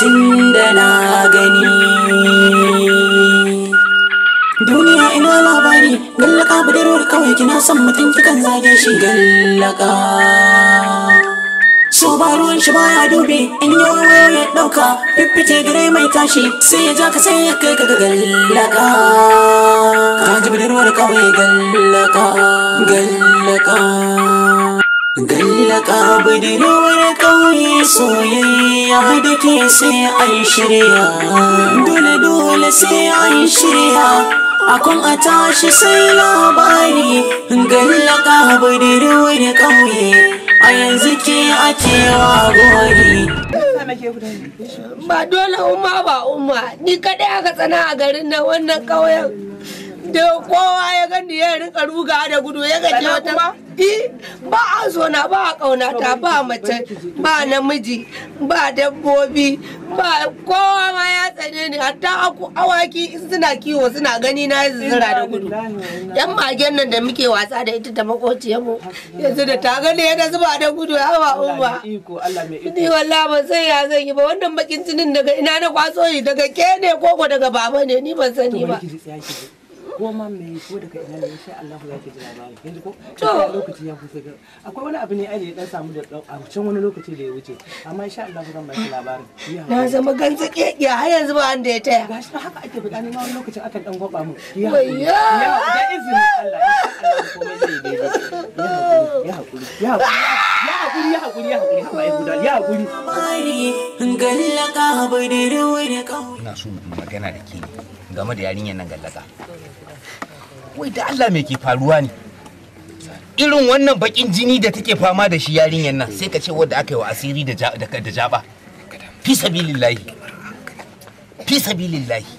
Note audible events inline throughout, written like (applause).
tunda na gani duniya ina labari gallaka budurwar kawai kina son mutum kikan zage shi gallaka so ba ruwan shi baya dubi in yi wayo ya dauka fiffice gare mai tashi sai ya ja ka sai ya kai ka gallaka ka budurwar kawai gallaka gallaka gallaka budurwar kawai soyayya ya haɗa ke sai an shirya dole dole sai an shirya akon a tashi sai labari gallaka kabirin wani ƙauye a yanzu ke ake wagori. ba dole umma ba umma ni kaɗai aka tsana a garin nan wannan ƙauyen da kowa ya gani ya rika ruga da gudu ya gaji wata ba a zona ba a kaunata ba mace ba namiji ba dabbobi ba kowa ma ya tsane ni hatta awaki suna kiwo suna gani na yanzu zira da gudu yan magen nan da muke wasa da ita da makociyar mu yanzu da ta gani yana zuba da gudu ya ba umma ni wallahi ban san ya zan yi ba wannan bakin jinin daga ina na kwaso daga ke ne ko daga baba ne ni ban sani ba ko ma me ko daga ina ne insha Allah ya ki ji labari yanzu ko to lokaci ya kusa ga akwai wani abu ne ai ya dan samu da a can wani lokaci da ya wuce amma insha Allah zan ba ki labarin na zama ganzake ya har yanzu ba da ya taya gashi haka ake fada ne ma wani lokacin akan dan gwaba mu ya ya da izinin Allah komai zai daidai ya hakuri ya hakuri hakuri ya hakuri ya hakuri haba ya guda ya hakuri gallaka bai da rawar da kawo ina so magana da ke game da yarinyar nan gallaka wai da Allah me ke faruwa ne irin wannan bakin jini da take fama da shi yarinyar nan sai ka ce wadda aka yi wa asiri da jaba fi sabilillahi fi sabilillahi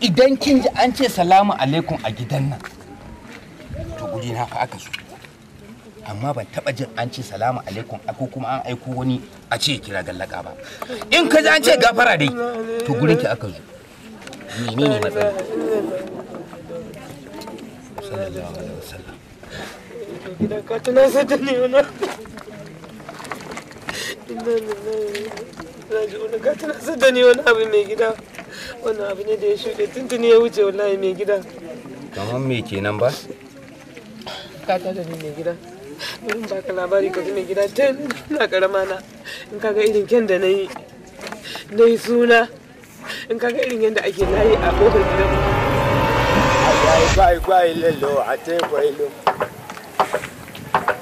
idan kin ji an ce salamu alaikum a gidan nan to guri na fa aka so amma ban taba jin an ce salamu alaikum ko kuma an aiko wani a ce kira gallaka ba in ka ji an ce gafara dai to gurin ki aka zo menene matsala sallallahu alaihi wasallam ka tana sata ne wannan ka tana sata ne wani mai gida wannan abu ne da ya shuɗe tuntuni ya wuce wallahi mai gida kamar me ba ka tada ni mai gida wurin baka labari ka ji mai gida tun na karama na in kaga ake layi a kofar gidan Gwai gwai lalo a te gwailu.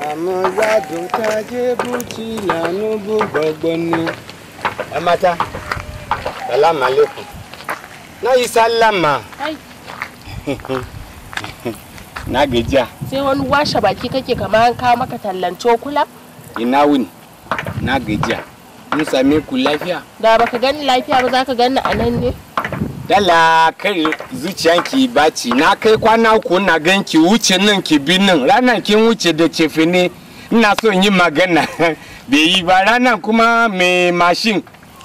Àmọ́ ládùn ká jébù tí lànà bó gbọ̀gbọ́n ni. Ẹ mata, salamu alaikum. Na yi sallama. Na gajiya. Sai wani washe baki kake kamar an kawo maka tallan cokula? Ina wuni, na gajiya. Mun same ku lafiya? Da baka gani lafiya ba za ka gani a nan ne? dala kai zuciyanki baci na kai kwana uku na gan ki wuce nan ki bi nan ranar kin wuce da cefe ne ina so yin magana (laughs) bai yi ba ranar kuma mai mashin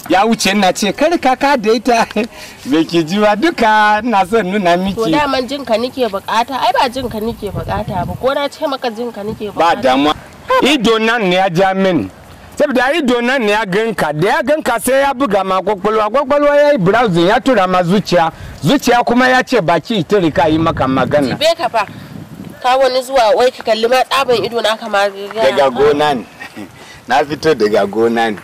ya wuce na ce kar ka da ita (laughs) bai ki ji ba duka na son nuna miki to daman jin ka nike bukata ai ba jin ka nike bukata ba ko na ce maka jin ka nike bukata ba damuwa ido nan ne ya ja saboda ayi donan ne ya ganka da ya ganka sai ya buga ma kwakwalwa kwakwalwa ya yi browsing ya tura ma zuciya zuciya kuma ya ce baki ita rika yi maka magana jibe ka fa ka wani zuwa wai ka kalli ma tsaban ido na kama daga gona e ne na fito daga gona ne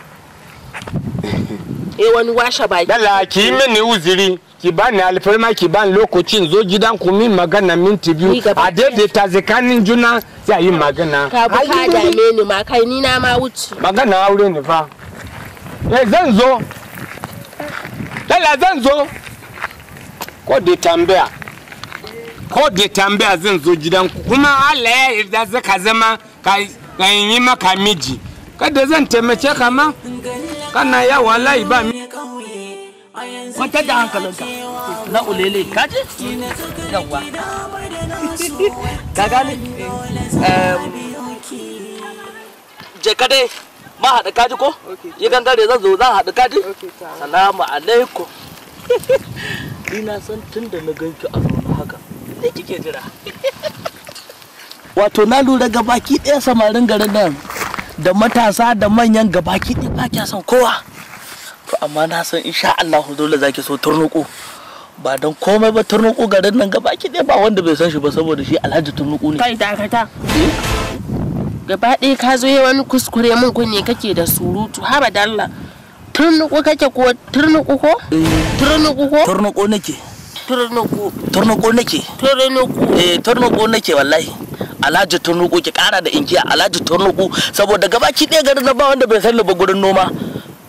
eh wani washe baki dala ki yi mini uziri ki ba ni alfarma ki ba ni lokacin zo gidan ku min magana minti biyu a daidaita tsakanin juna ya yi magana ka bu ka dame ni ma kai ni na ma wuce magana aure ne fa eh zan zo lalla zan zo ko da tambaya ko da tambaya zan zo gidan ku kuma Allah ya yarda zaka zama ka yi maka miji kada zan taimake ka ma kana ya wallahi ba mi kwantar da hankalinka na ulele kaji yawwa gane jeka dai ma haɗa kaji ko yi gangare zan zo zan haɗa kaji salamu alaikum (laughs) ina son tun da na ganki a nuna haka ne kike jira wato na lura gabaki ɗaya samarin garin nan da matasa da manyan gabaki ɗaya ba kya son kowa to amma na san insha Allah dole zaki so turnuku ba don komai ba turnuku garin nan gaba ki ba wanda bai san shi ba saboda shi alhaji turnuku ne kai dakata gaba ɗaya ka zo yi wani kuskure min kunne kake da surutu haba dalla turnuku kake ko turnuku ko eh. turnuku ko turnuku nake turnuku turnuku nake turnuku eh turnuku nake wallahi alhaji turnuku ki kara da inkiya alhaji turnuku saboda gaba ki ɗaya garin nan ba wanda bai san ba gurin noma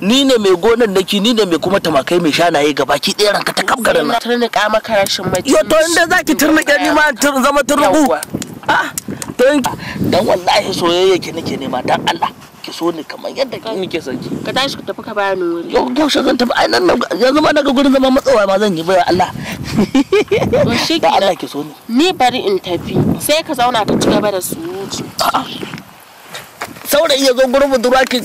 ni ne mai gonan naki ni ne mai kuma tamakai mai shanaye ga baki ɗaya ranka ta kafa garin nan turnuka maka rashin mace yo to inda zaki turnuke ni ma zama turnuku ah dan dan wallahi soyayya ki nake nema dan Allah ki so ni kamar yadda ki nake son ki ka tashi ka tafi ka bani wuri yo ko shi zan tafi ai nan yanzu ma daga gurin zaman matsawa ma zan yi bai Allah to shi da Allah ki so ni ni bari in tafi sai ka zauna ka ci gaba da surutu saurayi ya zo gurin budurwa ki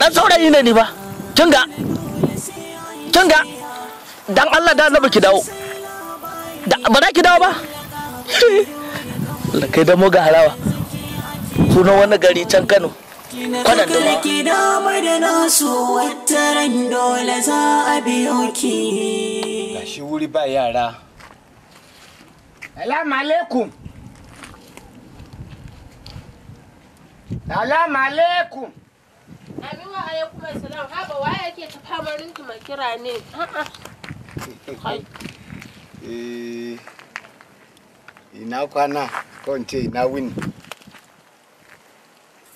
dan saurayi ne ni ba kinga kinga dan Allah da annabi ki dawo ba ki dawo ba Allah kai da mu ga harawa sunan wani gari can Kano kwanan da a biyo ki wuri ba yara Amiwa alaikum assalam. Haba waye yake ta famarin ki ma kira ne? A'a. Kai. Eh. Ina kwana ko in ce ina wuni.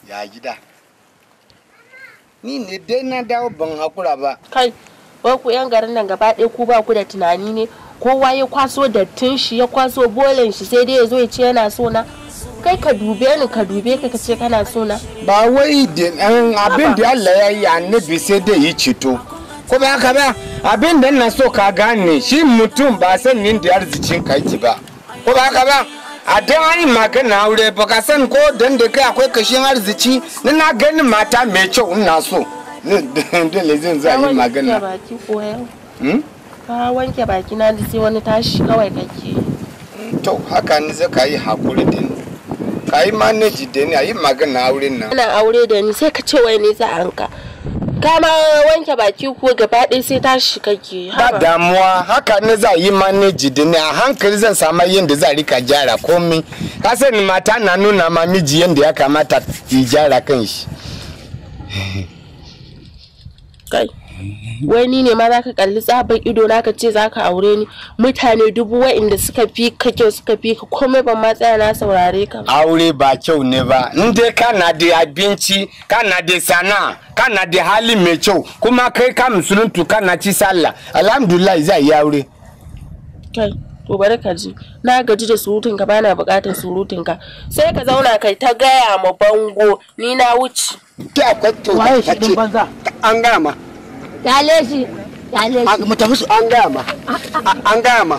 Ya gida. Ni ne dai na dawo ban hakura ba. Kai. Wai ku 'yan garin nan gaba ɗaya ku ba ku da tunani ne. Kowa ya kwaso dattin shi ya kwaso bolen shi sai dai ya zo ya ce yana so na. kai ka dube ni ka dube ka ce kana so na ba wai abin da Allah ya yi annabi sai dai yi ceto ko ba haka ba abin da na so ka gane shi mutum ba san yin da arzikin ka yake ba ko ba haka ba a dan an magana aure ba ka san ko dan da kai akwai kashin arziki na na gani mata mai kyau ina so da zan za yi magana ka wanke baki hmm? na da sai wani tashi kawai kake to haka ne zaka yi hakuri din ka yi manage da ni a yi magana aure nan ana aure da ni sai ka ce wai ne za a ka ka ma wanke baki ko gaba ɗaya sai ta shiga kake ba damuwa haka ne za a yi manaji da ni a hankali zan samu yadda za a rika gyara komai ka sani mata na nuna ma miji yadda ya kamata yi gyara kanshi. kai wai ni ne ma za ka kalli tsabar ido na ka ce za ka aure ni mutane dubu wa'inda suka fi ka kyau suka fi ka komai ban ma tsaya na saurare ka aure ba kyau ne ba inda ka kana da abinci kana da sana kana da hali mai kyau kuma kai ka ka kana ci sallah alhamdulillah za yi aure kai to bari ka ji na gaji da surutun ka bana bukatar surutun ka sai ka zauna kai ta gaya ma bango ni na wuce ta akwai ce an gama kyale shi kyale shi mu tafi su an gaya ma an gaya ma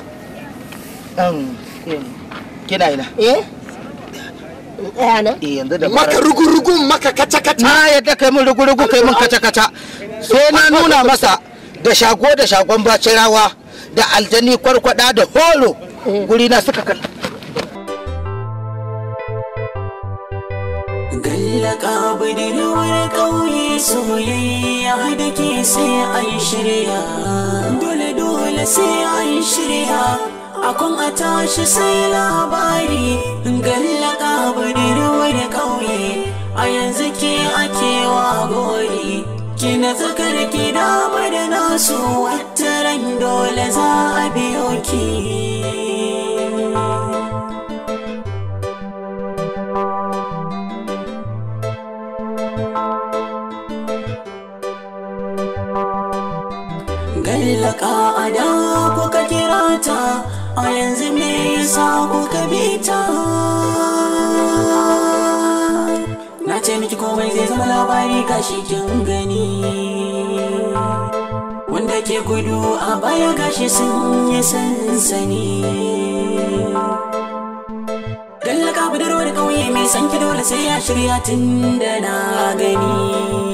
kina ina eh, eh maka rugu-rugu maka kaca-kaca na yadda kai mun rugu-rugu kai mun kaca-kaca sai na nuna masa da shago da shagon bacirawa da aljani kwarkwada da holo eh. guri na suka kalla Gallaka budurwar ƙauye soyayya da ke sai an shirya. Dole dole sai an shirya, akwai a tashi sai labari. Gallaka budurwar ƙauye a yanzu ke ake wa gori. Kina tsakar gida da nasu wata ran dole za sako ka bi ta na ce miki komai zai zama labari gashi kin gani wanda ke gudu a baya gashi sun yi sansani dallaka budurwar ƙauye mai sanki dole sai ya shirya tun da na gani